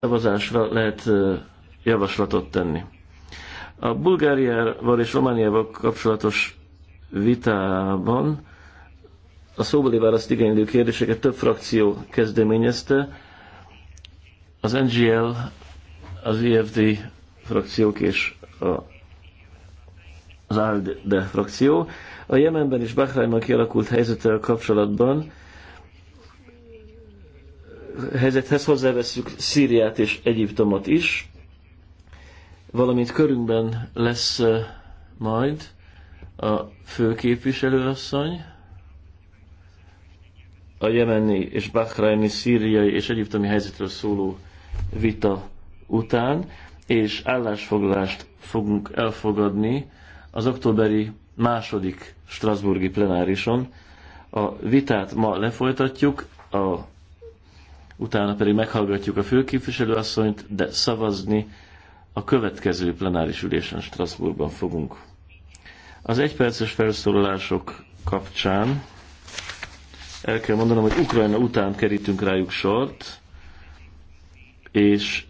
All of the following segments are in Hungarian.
szavazásra lehet javaslatot tenni. A Bulgáriával és Romániával kapcsolatos vitában a szóbeli választ igénylő kérdéseket több frakció kezdeményezte. Az NGL, az IFD frakciók és a, az ALDE frakció. A Jemenben és Bahrajnban kialakult helyzettel kapcsolatban helyzethez hozzáveszünk Szíriát és Egyiptomot is, valamint körünkben lesz majd a főképviselőasszony, a jemeni és bahraini, szíriai és egyiptomi helyzetről szóló vita után, és állásfoglalást fogunk elfogadni az októberi második Strasburgi plenárison. A vitát ma lefolytatjuk, a utána pedig meghallgatjuk a főképviselőasszonyt, de szavazni a következő plenáris ülésen Strasbourgban fogunk. Az egyperces felszólalások kapcsán el kell mondanom, hogy Ukrajna után kerítünk rájuk sort, és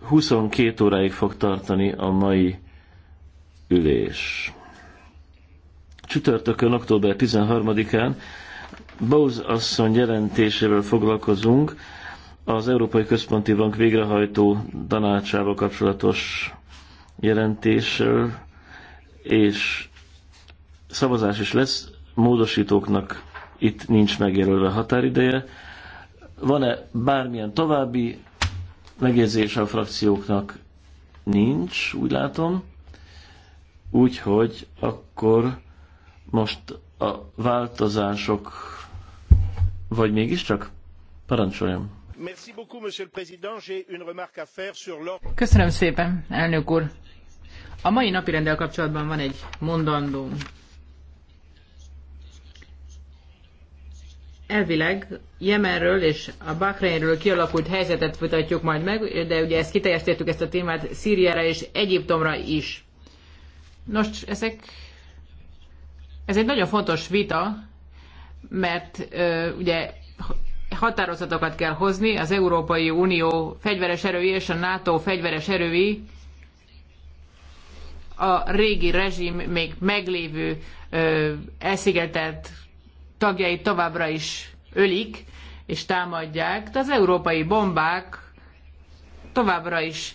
22 óráig fog tartani a mai ülés. Csütörtökön, október 13-án Bose asszony jelentésével foglalkozunk, az Európai Központi Bank végrehajtó tanácsával kapcsolatos jelentéssel, és szavazás is lesz, módosítóknak itt nincs megjelölve határideje. Van-e bármilyen további megjegyzés a frakcióknak? Nincs, úgy látom. Úgyhogy akkor most a változások, vagy mégiscsak? Parancsoljam. Köszönöm szépen, elnök úr. A mai rendel kapcsolatban van egy mondandóm. elvileg Jemenről és a Bahreinről kialakult helyzetet vitatjuk majd meg, de ugye ezt kiterjesztettük ezt a témát Szíriára és Egyiptomra is. Nos, ezek ez egy nagyon fontos vita, mert ugye határozatokat kell hozni az Európai Unió fegyveres erői és a NATO fegyveres erői a régi rezsim még meglévő ö, elszigetelt tagjait továbbra is ölik és támadják, de az európai bombák továbbra is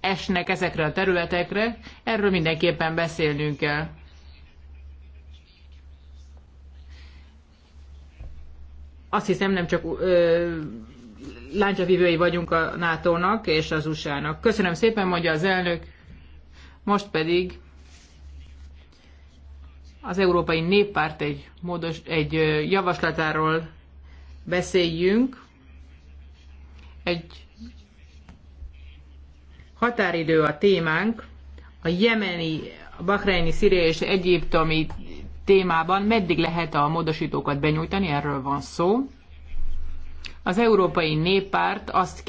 esnek ezekre a területekre, erről mindenképpen beszélnünk kell. azt hiszem nem csak láncsavívői vagyunk a NATO-nak és az USA-nak. Köszönöm szépen, mondja az elnök. Most pedig az Európai Néppárt egy, módos, egy javaslatáról beszéljünk. Egy határidő a témánk, a jemeni, a bahreini, szíriai és egyiptomi témában meddig lehet a módosítókat benyújtani, erről van szó. Az Európai Néppárt azt